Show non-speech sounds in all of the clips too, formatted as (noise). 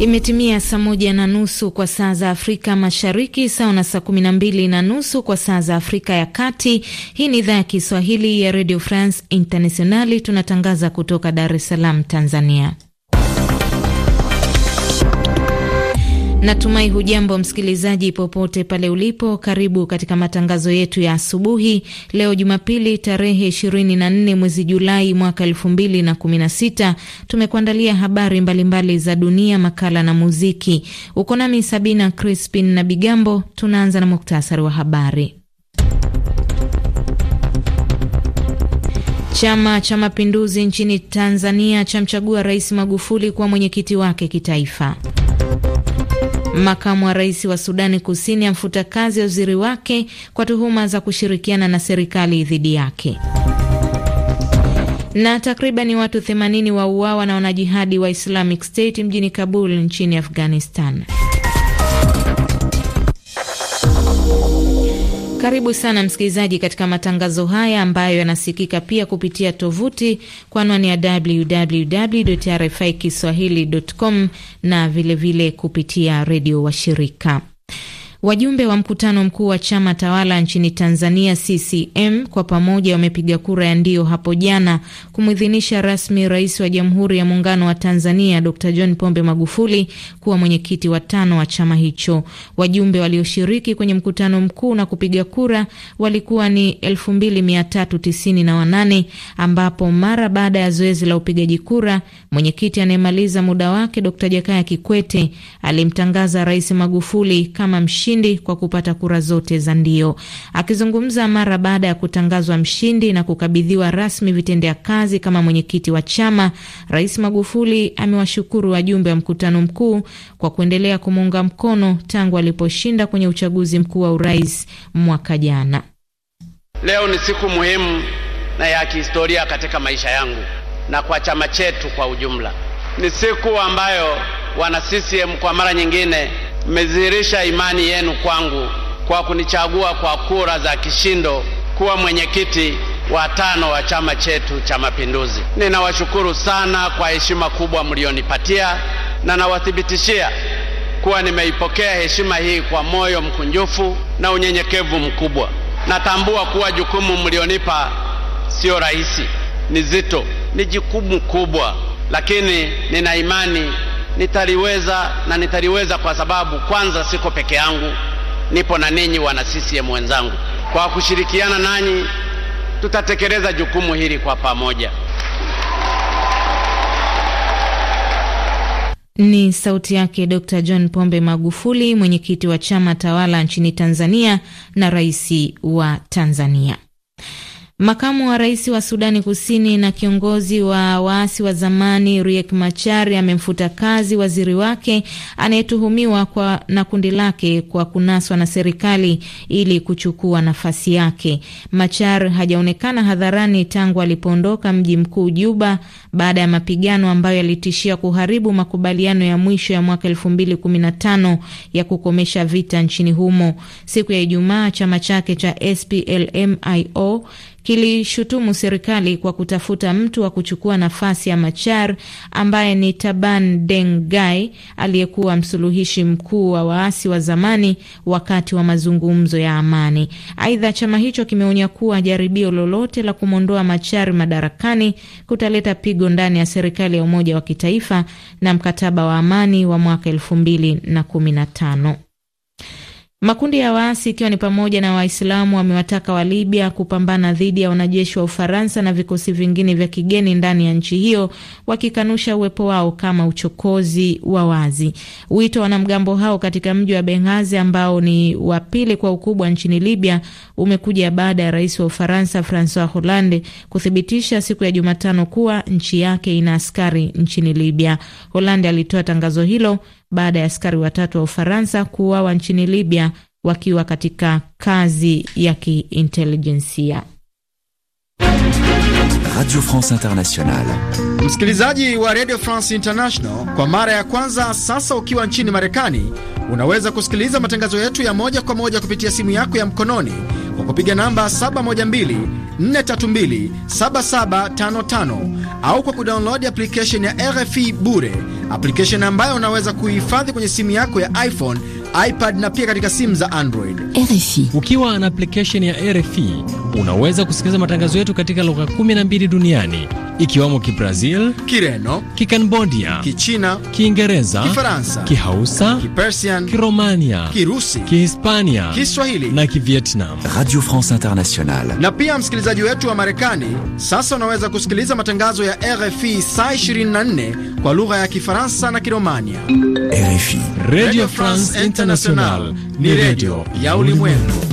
Imetimia saa moja na nusu kwa saa za Afrika Mashariki, sawa na saa kumi na mbili na nusu kwa saa za Afrika ya Kati. Hii ni idhaa ya Kiswahili ya Radio France Internationali, tunatangaza kutoka Dar es Salaam, Tanzania. Natumai hujambo msikilizaji, popote pale ulipo. Karibu katika matangazo yetu ya asubuhi leo Jumapili, tarehe 24 mwezi Julai mwaka 2016. Tumekuandalia habari mbalimbali mbali za dunia, makala na muziki. Uko nami Sabina Crispin na Bigambo. Tunaanza na muktasari wa habari. Chama cha Mapinduzi nchini Tanzania chamchagua Rais Magufuli kuwa mwenyekiti wake kitaifa. Makamu wa rais wa Sudani Kusini amfuta kazi waziri wake kwa tuhuma za kushirikiana na serikali dhidi yake. Na takribani watu 80 wauawa na wanajihadi wa Islamic State mjini Kabul nchini Afghanistan. Karibu sana msikilizaji katika matangazo haya ambayo yanasikika pia kupitia tovuti kwa anwani ya www RFI kiswahili.com na vilevile vile kupitia redio washirika. Wajumbe wa mkutano mkuu wa chama tawala nchini Tanzania CCM kwa pamoja wamepiga kura ya ndio hapo jana kumwidhinisha rasmi rais wa Jamhuri ya Muungano wa Tanzania Dr. John Pombe Magufuli kuwa mwenyekiti wa tano wa chama hicho. Wajumbe walioshiriki kwenye mkutano mkuu na kupiga kura walikuwa ni 2398 ambapo mara baada ya zoezi la upigaji kura mwenyekiti anayemaliza muda wake Dr. Jakaya Kikwete alimtangaza Rais Magufuli kama mshindi mshindi kwa kupata kura zote za ndio. Akizungumza mara baada ya kutangazwa mshindi na kukabidhiwa rasmi vitendea kazi kama mwenyekiti wa chama, Rais Magufuli amewashukuru wajumbe wa mkutano mkuu kwa kuendelea kumuunga mkono tangu aliposhinda kwenye uchaguzi mkuu wa urais mwaka jana. Leo ni siku muhimu na ya kihistoria katika maisha yangu na kwa chama chetu kwa ujumla. Ni siku ambayo wana CCM kwa mara nyingine Mmedhihirisha imani yenu kwangu kwa kunichagua kwa kura za kishindo kuwa mwenyekiti wa tano wa chama chetu cha Mapinduzi. Ninawashukuru sana kwa heshima kubwa mlionipatia, na nawathibitishia kuwa nimeipokea heshima hii kwa moyo mkunjufu na unyenyekevu mkubwa. Natambua kuwa jukumu mlionipa sio rahisi, ni zito, ni jukumu kubwa, lakini nina imani nitaliweza na nitaliweza kwa sababu kwanza siko peke yangu, nipo na ninyi wana CCM wenzangu. Kwa kushirikiana nanyi tutatekeleza jukumu hili kwa pamoja. Ni sauti yake Dr. John Pombe Magufuli, mwenyekiti wa chama tawala nchini Tanzania na rais wa Tanzania. Makamu wa rais wa Sudani Kusini na kiongozi wa waasi wa zamani Riek Machar amemfuta kazi waziri wake anayetuhumiwa na kundi lake kwa kunaswa na serikali ili kuchukua nafasi yake. Machar hajaonekana hadharani tangu alipoondoka mji mkuu Juba baada ya mapigano ambayo yalitishia kuharibu makubaliano ya mwisho ya mwaka tano ya kukomesha vita nchini humo. Siku ya Ijumaa chama chake cha SPLMIO kilishutumu serikali kwa kutafuta mtu wa kuchukua nafasi ya Machar ambaye ni Taban Deng Gai aliyekuwa msuluhishi mkuu wa waasi wa zamani wakati wa mazungumzo ya amani. Aidha, chama hicho kimeonya kuwa jaribio lolote la kumwondoa Machar madarakani kutaleta pigo ndani ya serikali ya umoja wa kitaifa na mkataba wa amani wa mwaka elfu mbili na kumi na tano. Makundi ya waasi ikiwa ni pamoja na Waislamu wamewataka wa Libya kupambana dhidi ya wanajeshi wa Ufaransa na vikosi vingine vya kigeni ndani ya nchi hiyo, wakikanusha uwepo wao kama uchokozi wa wazi. Wito wa wanamgambo hao katika mji wa Benghazi ambao ni wa pili kwa ukubwa nchini Libya umekuja baada ya rais wa Ufaransa Francois Hollande kuthibitisha siku ya Jumatano kuwa nchi yake ina askari nchini Libya. Hollande alitoa tangazo hilo baada ya askari watatu wa Ufaransa kuuawa nchini Libya wakiwa katika kazi ya kiintelijensia. Radio France Internationale. Msikilizaji wa Radio France International, kwa mara ya kwanza sasa ukiwa nchini Marekani, unaweza kusikiliza matangazo yetu ya moja kwa moja kupitia simu yako ya mkononi kwa kupiga namba 712-432-7755 au kwa kudownload application ya RFI bure application ambayo unaweza kuhifadhi kwenye simu yako ya iPhone, iPad na pia katika simu za Android. RFI. Ukiwa na application ya RFI, unaweza kusikiliza matangazo yetu katika lugha 12 duniani ikiwamo Kibrazil, Kireno, Kikambodia, Kichina, Kiingereza, Kifaransa, Kihausa, Kipersian, Kiromania, Kirusi, Kihispania, Kiswahili na Kivietnam. Radio France International. Na pia msikilizaji wetu wa Marekani sasa unaweza kusikiliza matangazo ya RFI saa 24 kwa lugha ya Kifaransa na Kiromania. RFI. Radio France International ni redio ya ulimwengu.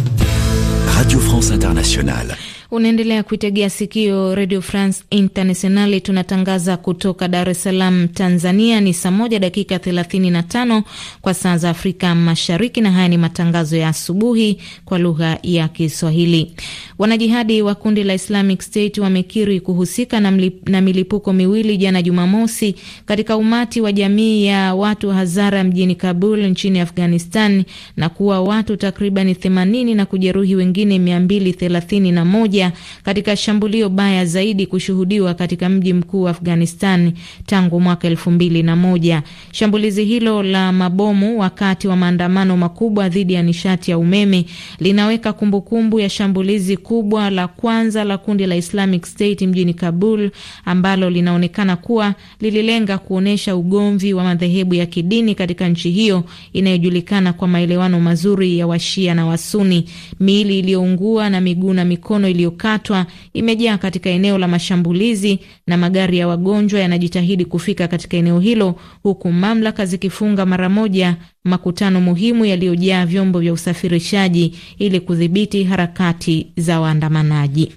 Radio France International. Unaendelea kuitegea sikio Radio France Internationali, tunatangaza kutoka Dar es Salaam, Tanzania. Ni saa moja dakika 35 kwa saa za Afrika Mashariki, na haya ni matangazo ya asubuhi kwa lugha ya Kiswahili. Wanajihadi wa kundi la Islamic State wamekiri kuhusika na milipuko miwili jana Jumamosi katika umati wa jamii ya watu Hazara mjini Kabul nchini Afghanistan na kuwa watu takribani 80 na kujeruhi wengine 231 moja katika shambulio baya zaidi kushuhudiwa katika mji mkuu wa Afghanistan tangu mwaka elfu mbili na moja. Shambulizi hilo la mabomu wakati wa maandamano makubwa dhidi ya nishati ya umeme linaweka kumbukumbu kumbu ya shambulizi kubwa la kwanza la kundi la Islamic State mjini Kabul ambalo linaonekana kuwa lililenga kuonyesha ugomvi wa madhehebu ya kidini katika nchi hiyo inayojulikana kwa maelewano mazuri ya Washia na Wasuni. Miili iliyoungua na miguu na mikono iliyo iliyokatwa imejaa katika eneo la mashambulizi na magari ya wagonjwa yanajitahidi kufika katika eneo hilo, huku mamlaka zikifunga mara moja makutano muhimu yaliyojaa vyombo vya usafirishaji ili kudhibiti harakati za waandamanaji.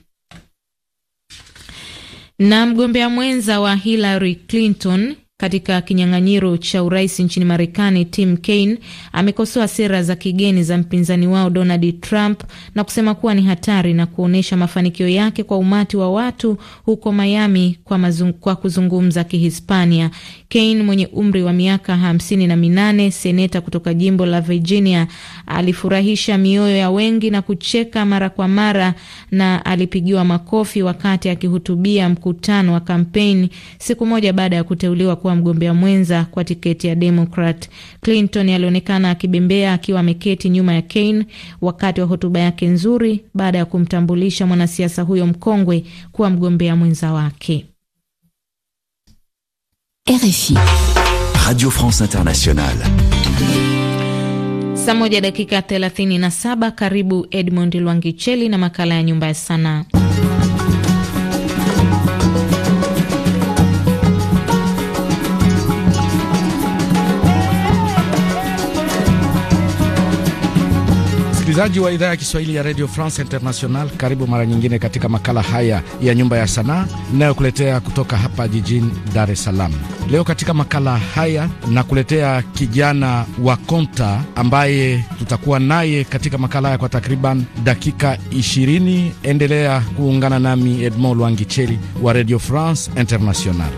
Na mgombea mwenza wa Hillary Clinton katika kinyang'anyiro cha urais nchini Marekani, Tim Kaine amekosoa sera za kigeni za mpinzani wao Donald Trump na kusema kuwa ni hatari na kuonyesha mafanikio yake kwa umati wa watu huko Miami kwa, kwa kuzungumza Kihispania. Kane mwenye umri wa miaka hamsini na minane, seneta kutoka jimbo la Virginia, alifurahisha mioyo ya wengi na kucheka mara kwa mara na alipigiwa makofi wakati akihutubia mkutano wa kampeni siku moja baada ya kuteuliwa kuwa mgombea mwenza kwa tiketi ya Demokrat. Clinton alionekana akibembea akiwa ameketi nyuma ya Kane wakati wa hotuba yake nzuri baada ya kumtambulisha mwanasiasa huyo mkongwe kuwa mgombea mwenza wake. RFI. Radio France Internationale. Saa moja dakika 37. Karibu Edmond Lwangicheli na makala ya nyumba ya sanaa. Msikilizaji wa idhaa ya Kiswahili ya Radio France International, karibu mara nyingine katika makala haya ya Nyumba ya Sanaa inayokuletea kutoka hapa jijini Dar es Salaam. Leo katika makala haya nakuletea kijana wa Konta ambaye tutakuwa naye katika makala haya kwa takriban dakika 20. Endelea kuungana nami Edmond Lwangicheli wa Radio France International.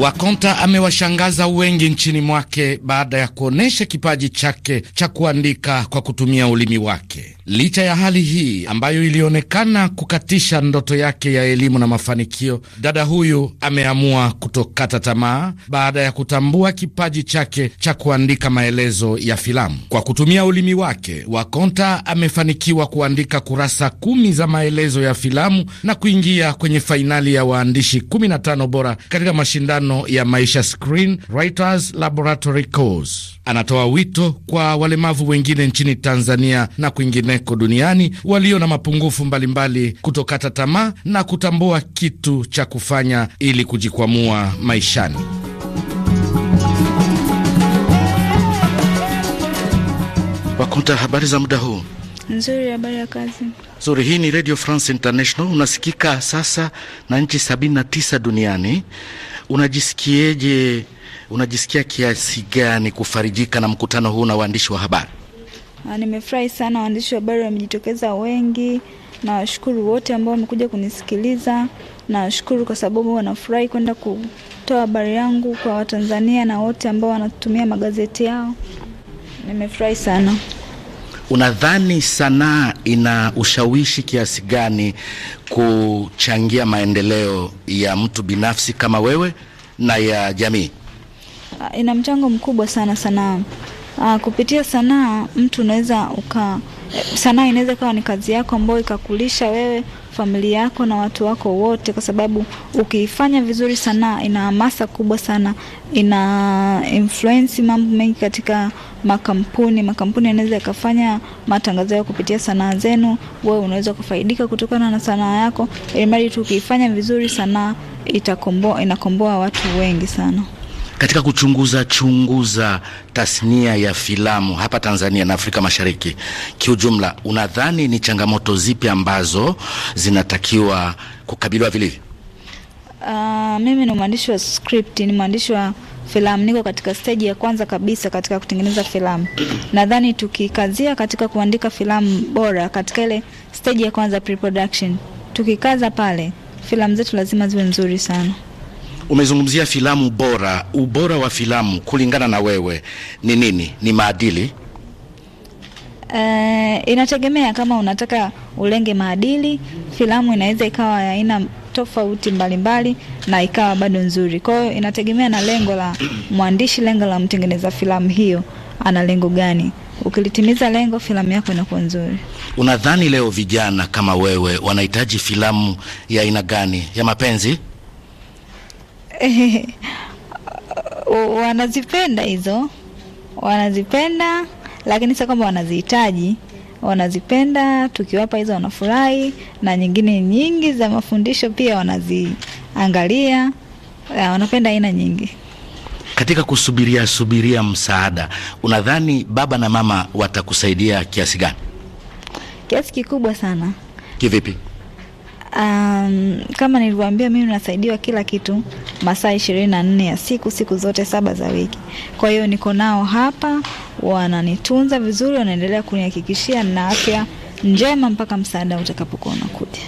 Wakonta amewashangaza wengi nchini mwake baada ya kuonyesha kipaji chake cha kuandika kwa kutumia ulimi wake. Licha ya hali hii ambayo ilionekana kukatisha ndoto yake ya elimu na mafanikio, dada huyu ameamua kutokata tamaa baada ya kutambua kipaji chake cha kuandika maelezo ya filamu. Kwa kutumia ulimi wake, Wakonta amefanikiwa kuandika kurasa kumi za maelezo ya filamu na kuingia kwenye fainali ya waandishi 15 bora katika mashindano ya Maisha Screen Writers Laboratory Course. Anatoa wito kwa walemavu wengine nchini Tanzania na kwingine kwingineko duniani walio na mapungufu mbalimbali kutokata tamaa na kutambua kitu cha kufanya ili kujikwamua maishani. Wakuta, habari za muda huu? Nzuri, habari ya kazi. Nzuri. Hii ni Radio France International, unasikika sasa na nchi 79 duniani. Unajisikieje? Unajisikia kiasi gani kufarijika na mkutano huu na waandishi wa habari? Ah, nimefurahi sana, waandishi wa habari wamejitokeza wengi. Nawashukuru wote ambao wamekuja kunisikiliza. Nawashukuru kwa sababu wanafurahi kwenda kutoa habari yangu kwa Watanzania na wote ambao wanatumia magazeti yao. Nimefurahi sana. Unadhani sanaa ina ushawishi kiasi gani kuchangia maendeleo ya mtu binafsi kama wewe na ya jamii? Ah, ina mchango mkubwa sana sanaa. Uh, kupitia sanaa mtu unaweza uka sanaa inaweza kawa ni kazi yako ambayo ikakulisha wewe, familia yako na watu wako wote, kwa sababu ukiifanya vizuri, sanaa ina hamasa kubwa sana, ina influence mambo mengi katika makampuni. Makampuni yanaweza yakafanya matangazo yao kupitia sanaa zenu, wewe unaweza kufaidika kutokana na sanaa yako, ilimradi tu ukiifanya vizuri, sanaa itakomboa, inakomboa watu wengi sana katika kuchunguza chunguza tasnia ya filamu hapa Tanzania na Afrika Mashariki kiujumla, unadhani ni changamoto zipi ambazo zinatakiwa kukabiliwa vilivyo? Uh, ah, mimi ni mwandishi wa script, ni mwandishi wa filamu, niko katika stage ya kwanza kabisa katika kutengeneza filamu. Nadhani tukikazia katika kuandika filamu bora katika ile stage ya kwanza pre-production, tukikaza pale, filamu zetu lazima ziwe nzuri sana. Umezungumzia filamu bora. Ubora wa filamu kulingana na wewe ni nini? Ni maadili? Uh, inategemea kama unataka ulenge maadili, filamu inaweza ikawa ya aina tofauti mbalimbali na ikawa bado nzuri. Kwa hiyo inategemea na lengo la (clears throat) mwandishi, lengo la mtengeneza filamu hiyo, ana lengo gani? Ukilitimiza lengo, filamu yako inakuwa nzuri. Unadhani leo vijana kama wewe wanahitaji filamu ya aina gani? Ya mapenzi? (laughs) wanazipenda hizo, wanazipenda lakini sio kwamba wanazihitaji, wanazipenda. Tukiwapa hizo wanafurahi, na nyingine nyingi za mafundisho pia wanaziangalia, eh, wanapenda aina nyingi. Katika kusubiria subiria msaada, unadhani baba na mama watakusaidia kiasi gani? Kiasi kikubwa sana. Kivipi? Um, kama nilivyoambia mimi nasaidiwa kila kitu masaa ishirini na nne ya siku, siku zote saba za wiki. Kwa hiyo niko nao hapa, wananitunza vizuri, wanaendelea kunihakikishia na afya njema mpaka msaada utakapokuwa unakuja.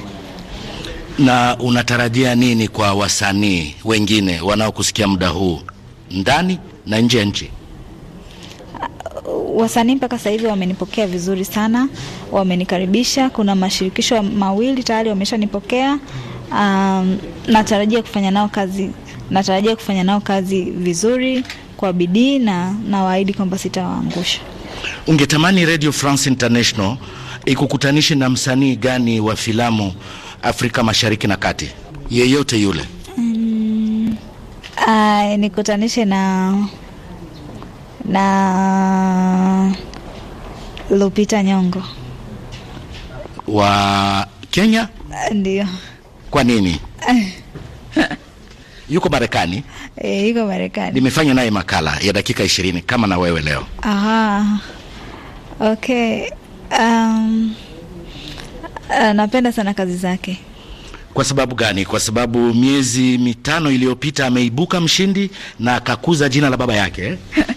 Na unatarajia nini kwa wasanii wengine wanaokusikia muda huu ndani na nje ya nchi? wasanii mpaka sasa hivi wamenipokea vizuri sana, wamenikaribisha. Kuna mashirikisho mawili tayari wameshanipokea. Um, natarajia kufanya nao kazi, natarajia kufanya nao kazi vizuri kwa bidii, na nawaahidi kwamba sitawaangusha. Ungetamani Radio France International ikukutanishe na msanii gani wa filamu Afrika Mashariki na Kati? Yeyote yule. Mm, uh, nikutanishe na na Lupita Nyongo wa Kenya. Ndio. Kwa nini? (laughs) Yuko Marekani. E, yuko Marekani. Nimefanya naye makala ya dakika ishirini kama na wewe leo. Aha. Okay. Um, eh, napenda sana kazi zake. Kwa sababu gani? Kwa sababu miezi mitano iliyopita ameibuka mshindi na akakuza jina la baba yake (laughs)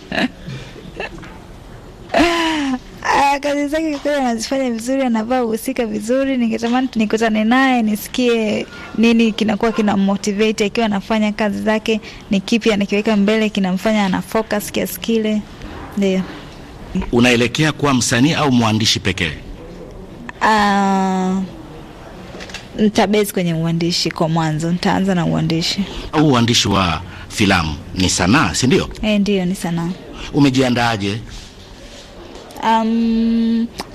kazi zake kweli anazifanya vizuri, anavaa uhusika vizuri. Ningetamani nikutane naye nisikie nini kinakuwa kinammotivate akiwa anafanya kazi zake, ni kipi anakiweka mbele kinamfanya ana focus kiasi kile. Ndio. Unaelekea kuwa msanii au mwandishi pekee? Uh, ah, ntabezi kwenye uandishi kwa mwanzo, nitaanza na uandishi. Au uandishi wa filamu ni sanaa, si ndio? Eh, ndio ni sanaa. Umejiandaaje mpaka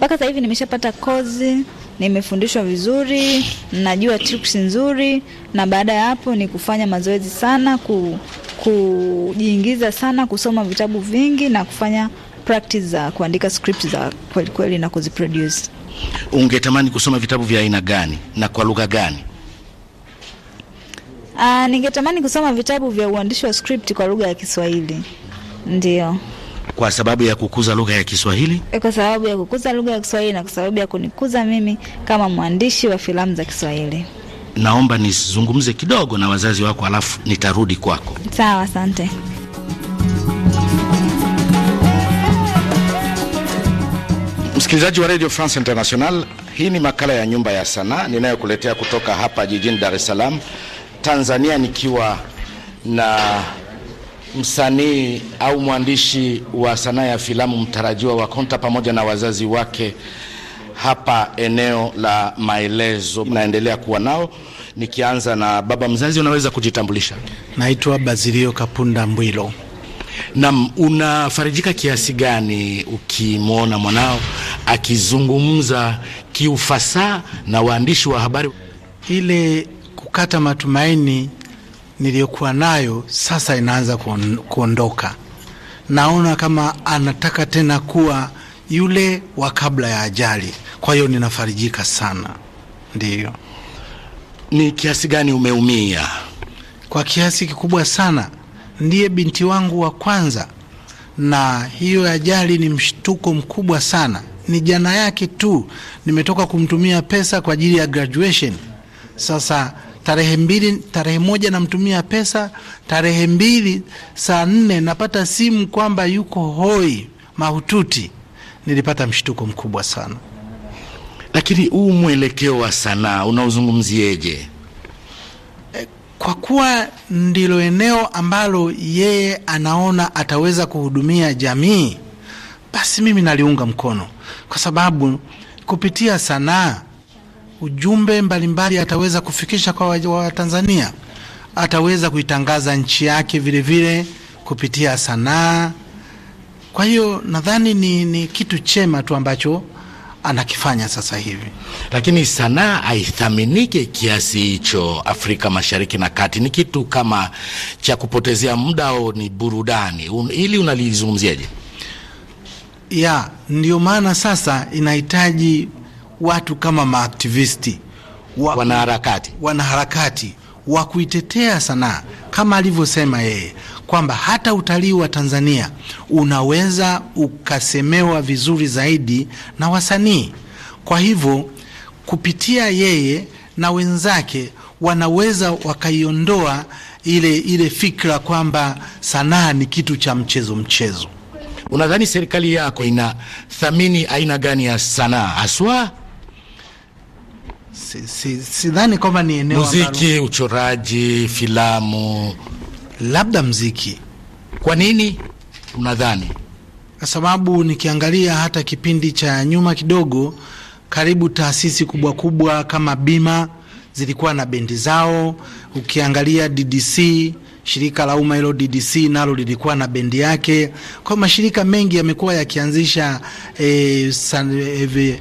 um, sasa hivi nimeshapata kozi, nimefundishwa vizuri, najua tricks nzuri, na baada ya hapo ni kufanya mazoezi sana, ku, kujiingiza sana, kusoma vitabu vingi na kufanya practice za kuandika script za kweli kweli na kuziproduce. Ungetamani kusoma vitabu vya aina gani na kwa lugha gani? Uh, ningetamani kusoma vitabu vya uandishi wa script kwa lugha ya Kiswahili. Ndio. Kwa sababu ya kukuza lugha ya Kiswahili, eh, kwa sababu ya kukuza lugha ya Kiswahili na kwa sababu ya kunikuza mimi kama mwandishi wa filamu za Kiswahili. Naomba nizungumze kidogo na wazazi wako, alafu nitarudi kwako. Sawa, asante. Msikilizaji wa Radio France International, hii ni makala ya Nyumba ya Sanaa ninayokuletea kutoka hapa jijini Dar es Salaam, Tanzania, nikiwa na msanii au mwandishi wa sanaa ya filamu mtarajiwa wa Konta pamoja na wazazi wake hapa eneo la maelezo naendelea kuwa nao, nikianza na baba mzazi. Unaweza kujitambulisha? Naitwa Bazilio Kapunda Mbwilo. Naam, unafarijika kiasi gani ukimwona mwanao akizungumza kiufasaha na waandishi wa habari? Ile kukata matumaini niliyokuwa nayo sasa inaanza kuondoka. Naona kama anataka tena kuwa yule wa kabla ya ajali, kwa hiyo ninafarijika sana. Ndiyo. Ni kiasi gani umeumia? Kwa kiasi kikubwa sana. Ndiye binti wangu wa kwanza, na hiyo ajali ni mshtuko mkubwa sana. Ni jana yake tu nimetoka kumtumia pesa kwa ajili ya graduation. Sasa tarehe mbili, tarehe moja namtumia pesa, tarehe mbili saa nne napata simu kwamba yuko hoi mahututi. Nilipata mshtuko mkubwa sana. Lakini huu mwelekeo wa sanaa unaozungumzieje? Eh, kwa kuwa ndilo eneo ambalo yeye anaona ataweza kuhudumia jamii, basi mimi naliunga mkono, kwa sababu kupitia sanaa ujumbe mbalimbali ataweza kufikisha kwa Watanzania. Ataweza kuitangaza nchi yake vile vile kupitia sanaa. Kwa hiyo nadhani ni, ni kitu chema tu ambacho anakifanya sasa hivi, lakini sanaa haithaminike kiasi hicho Afrika Mashariki na Kati. Ni kitu kama cha kupotezea muda au ni burudani? Un, ili unalizungumziaje? Ya, ndio maana sasa inahitaji watu kama maaktivisti wa, wanaharakati, wanaharakati wa kuitetea sanaa kama alivyosema yeye kwamba hata utalii wa Tanzania unaweza ukasemewa vizuri zaidi na wasanii. Kwa hivyo kupitia yeye na wenzake wanaweza wakaiondoa ile, ile fikra kwamba sanaa ni kitu cha mchezo mchezo. Unadhani serikali yako inathamini aina gani ya sanaa haswa? sidhani si, si kwamba ni eneo muziki ambalo... uchoraji, filamu, labda mziki. Kwa nini unadhani? Kwa sababu nikiangalia hata kipindi cha nyuma kidogo, karibu taasisi kubwa kubwa kama bima zilikuwa na bendi zao. Ukiangalia DDC, shirika la umma hilo DDC nalo lilikuwa na bendi yake. Kwa mashirika mengi yamekuwa yakianzisha eh, eh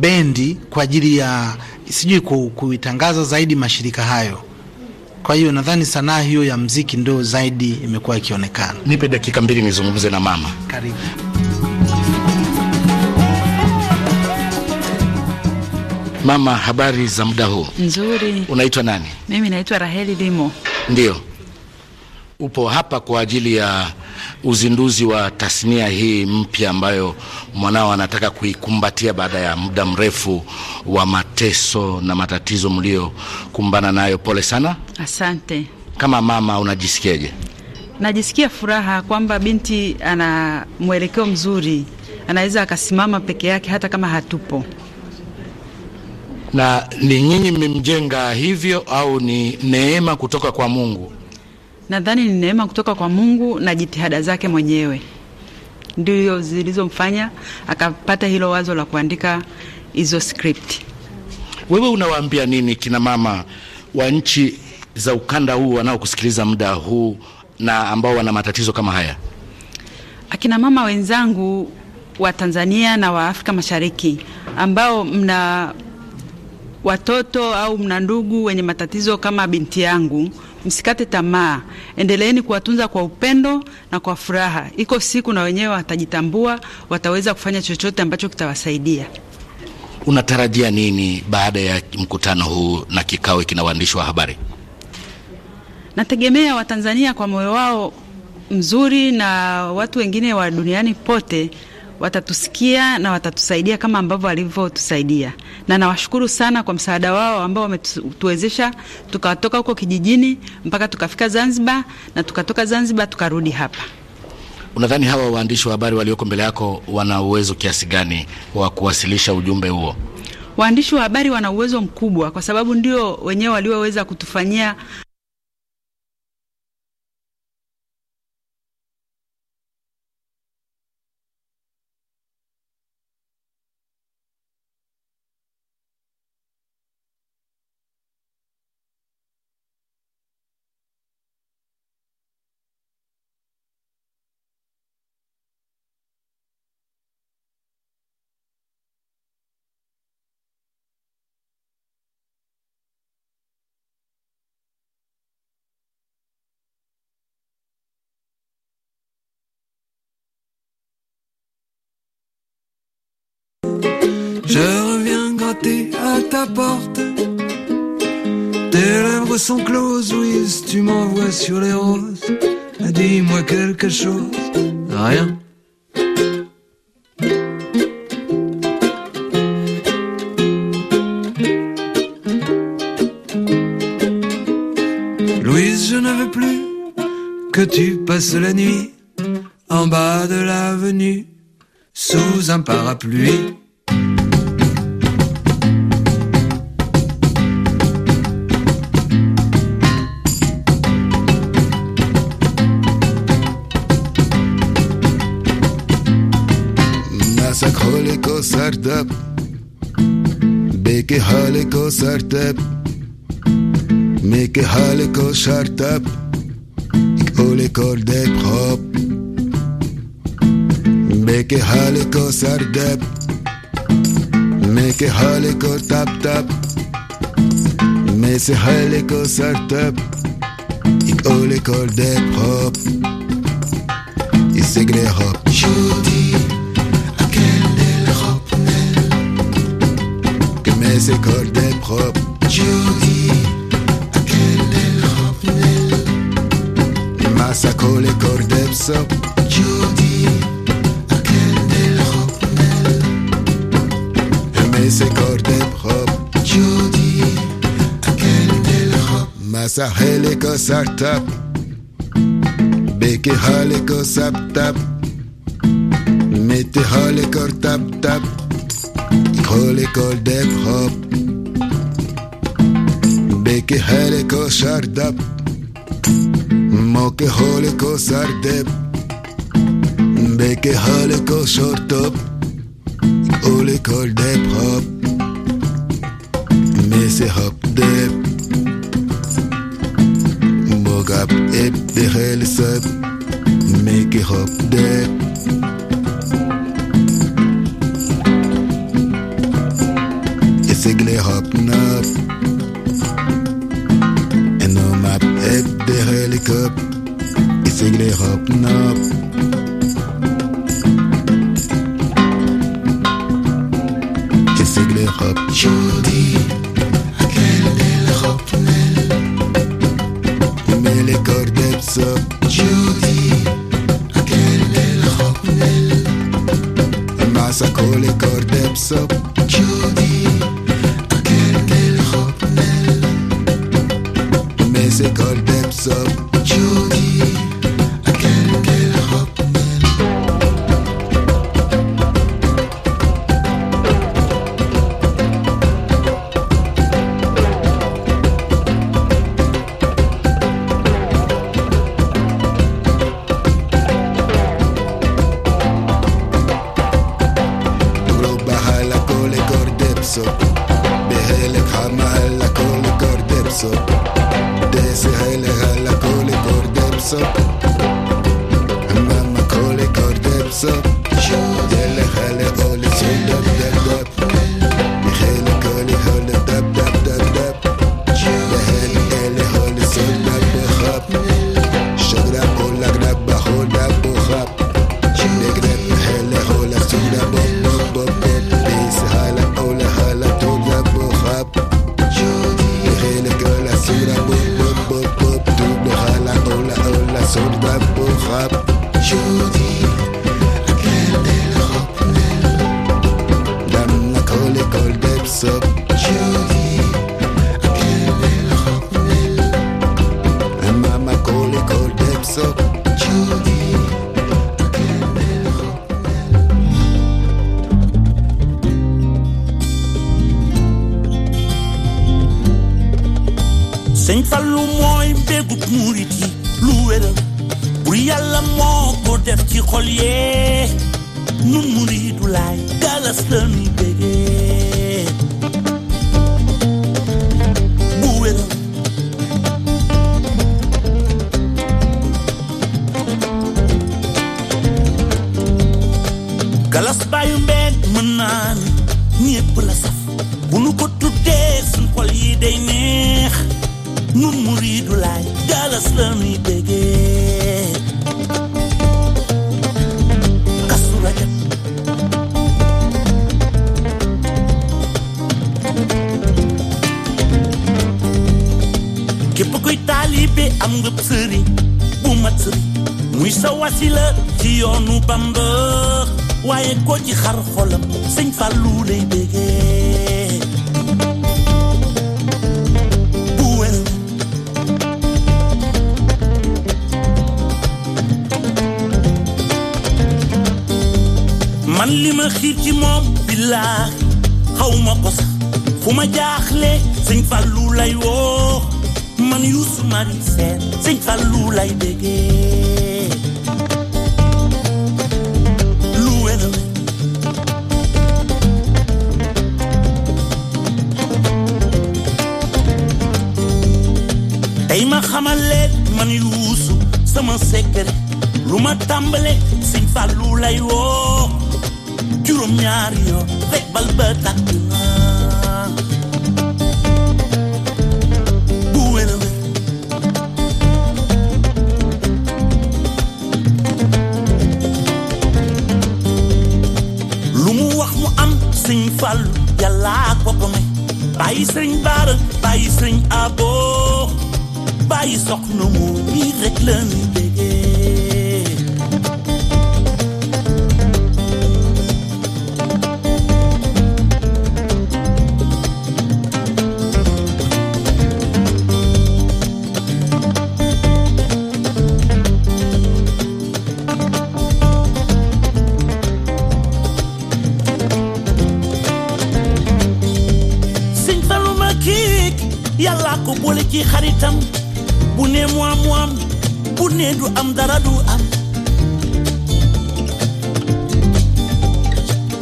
bendi kwa ajili ya sijui kuitangaza zaidi mashirika hayo. Kwa hiyo nadhani sanaa hiyo ya mziki ndo zaidi imekuwa ikionekana. Nipe dakika mbili nizungumze na mama. Karibu. Mama, habari za muda huu? Nzuri. Unaitwa nani? Mimi naitwa Raheli Limo. Ndio upo hapa kwa ajili ya uzinduzi wa tasnia hii mpya ambayo mwanao anataka kuikumbatia baada ya muda mrefu wa mateso na matatizo mliokumbana nayo. Pole sana. Asante. Kama mama unajisikiaje? Najisikia furaha kwamba binti ana mwelekeo mzuri, anaweza akasimama peke yake hata kama hatupo. Na ni nyinyi mmemjenga hivyo au ni neema kutoka kwa Mungu? Nadhani ni neema kutoka kwa Mungu na jitihada zake mwenyewe ndio zilizomfanya akapata hilo wazo la kuandika hizo script. Wewe unawaambia nini kina mama wa nchi za ukanda huu wanaokusikiliza muda huu na ambao wana matatizo kama haya? Akina mama wenzangu wa Tanzania na wa Afrika Mashariki ambao mna watoto au mna ndugu wenye matatizo kama binti yangu Msikate tamaa, endeleeni kuwatunza kwa upendo na kwa furaha. Iko siku na wenyewe watajitambua, wataweza kufanya chochote ambacho kitawasaidia. Unatarajia nini baada ya mkutano huu na kikao hiki na waandishi wa habari? Nategemea Watanzania kwa moyo wao mzuri na watu wengine wa duniani pote watatusikia na watatusaidia kama ambavyo walivyotusaidia, na nawashukuru sana kwa msaada wao ambao wametuwezesha tukatoka huko kijijini mpaka tukafika Zanzibar na tukatoka Zanzibar tukarudi hapa. Unadhani hawa waandishi wa habari walioko mbele yako wana uwezo kiasi gani wa kuwasilisha ujumbe huo? Waandishi wa habari wana uwezo mkubwa, kwa sababu ndio wenyewe walioweza kutufanyia ta porte. Tes lèvres sont closes, Louise tu m'envoies sur les roses. Ah, dis-moi quelque chose, rien. Louise, je ne veux plus que tu passes la nuit en bas de l'avenue sous un parapluie. sertep Beke hale ko sertep Meke hale ko sertep Ik ole kor dep hop Beke hale ko sertep Meke hale ko tap tap Mese hale ko sertep Ik ole kor dep hop Isegre hop Jodi c'est col des propres. Judy, a quelle robe Massacre les corps d'Epsop. Judy, a quelle robe Mais c'est corps des propres. Judy, a quelle robe Massacre les corps tap. Beke tap. Mete hale kor tap tap l'école des hop. Beke heleko shardap. Moke ko sardep. Beke holeko shortop. Au l'école des propres. Mais hop dep. Bogap ep de hel sep. Make it hop dep. bring the que up. rap yoonu Bamba waaye ko ci xar xolam sëñ lay man li ma xiir ci moom billaahi xaw ko sax fu ma jaaxle sëñ lay woo man Youssou Mari sëñ Fallou lay bégee tey ma xamal leen man yuusu sama secret lu ma tàmbale sëñ Fàllu lay woo juróom-ñaar yoon rek bal ba tàkk na bu wér a wér lu mu wax mu am sëñ Fàllu yàllaa ko ko may bàyyi Abo bayi soxna mo nii rek la ni dege yàlla ko bolé ci xaritam Bune ne mu du am dara du am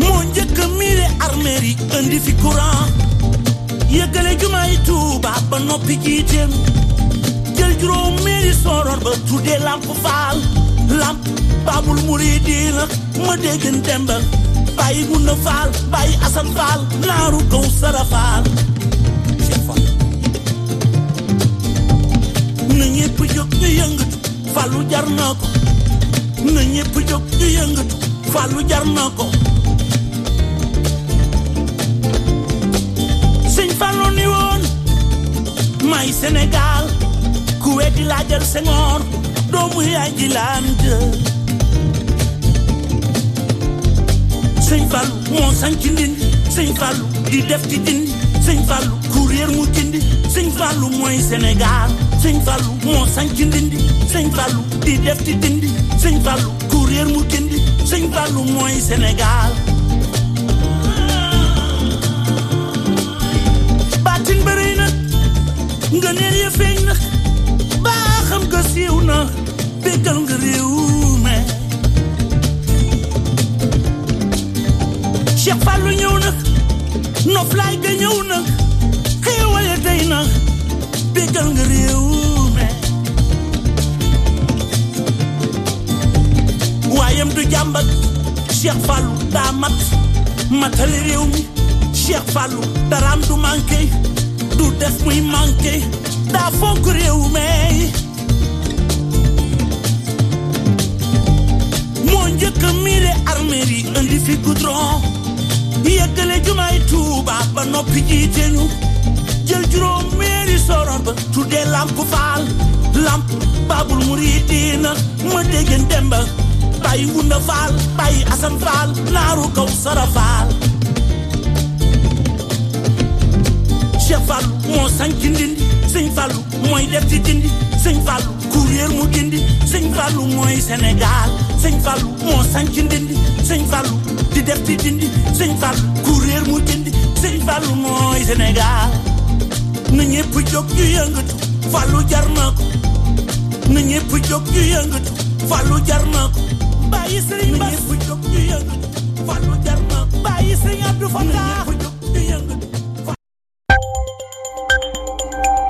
moo njëkk a miire armeer yi fi courant yëggale jumaa yi Tuuba ba noppi jël ba tuddee lamp fal lamp baabul muriidiina ma déggan dembal bàyyi mun na fal bayi asan fal naaru kaw sara na ñëpp jóg ñu yëngatu fàllu jar na ko na ñëpp jóg ñu yëngatu fàllu jar na ko sëñ fàllu ni woon may Sénégal ku weddi laajal Senghor doomu yaay ji laante sëñ fàllu moo sañ ci ndindi sëñ fàllu di def ci dindi sëñ Fallu kuréer mu jindi sëñ Fallu mooy Sénégal sëñ Fallu moo sanc ndindi sëñ Fallu di def di dindi sëñ Fallu kuréer mu jindi sëñ Fallu mooy Sénégal baatin bërëy na nga neel ya feeñ na baaxam nga siiw na bégal nga réew me Cheikh Fallu ñëw na noflaay ga ñëw na xéewal ya tey na bégal nga réew me waayam du jàmbat Cheikh Fallou daa mat matali réew mi Cheikh Fallou daraam du manqué du def muy manqué daa fonk réew me moo njëkk miire armée yi indi fi ju Baba no noppi jiite ñu jël juróom meeri soroor ba tuddee lamp faal lamp baabul muriidiina ma déggeen demba bàyyi wunda faal bàyyi asan faal naaru kaw sara faal Cheikh Fallu moo sanc Ndindi sëñ Fallu mooy def ci dindi sëñ Fallu kuréel mu dindi sëñ Fallu mooy Sénégal sëñ Fallou mon sanc ndindi sëñ Fallou di def di dindi sëñ Fallou kuréer mu dindi sëñ Fallou mooy Sénégal na ñëpp jóg ñu yëngatu Fallou jar na ko na ñëpp jóg ñu yëngatu Fallou jar na ko bàyyi sëñ Bass na ñëpp jóg ñu yëngatu Fallou jar bàyyi sëñ Abdou Fatah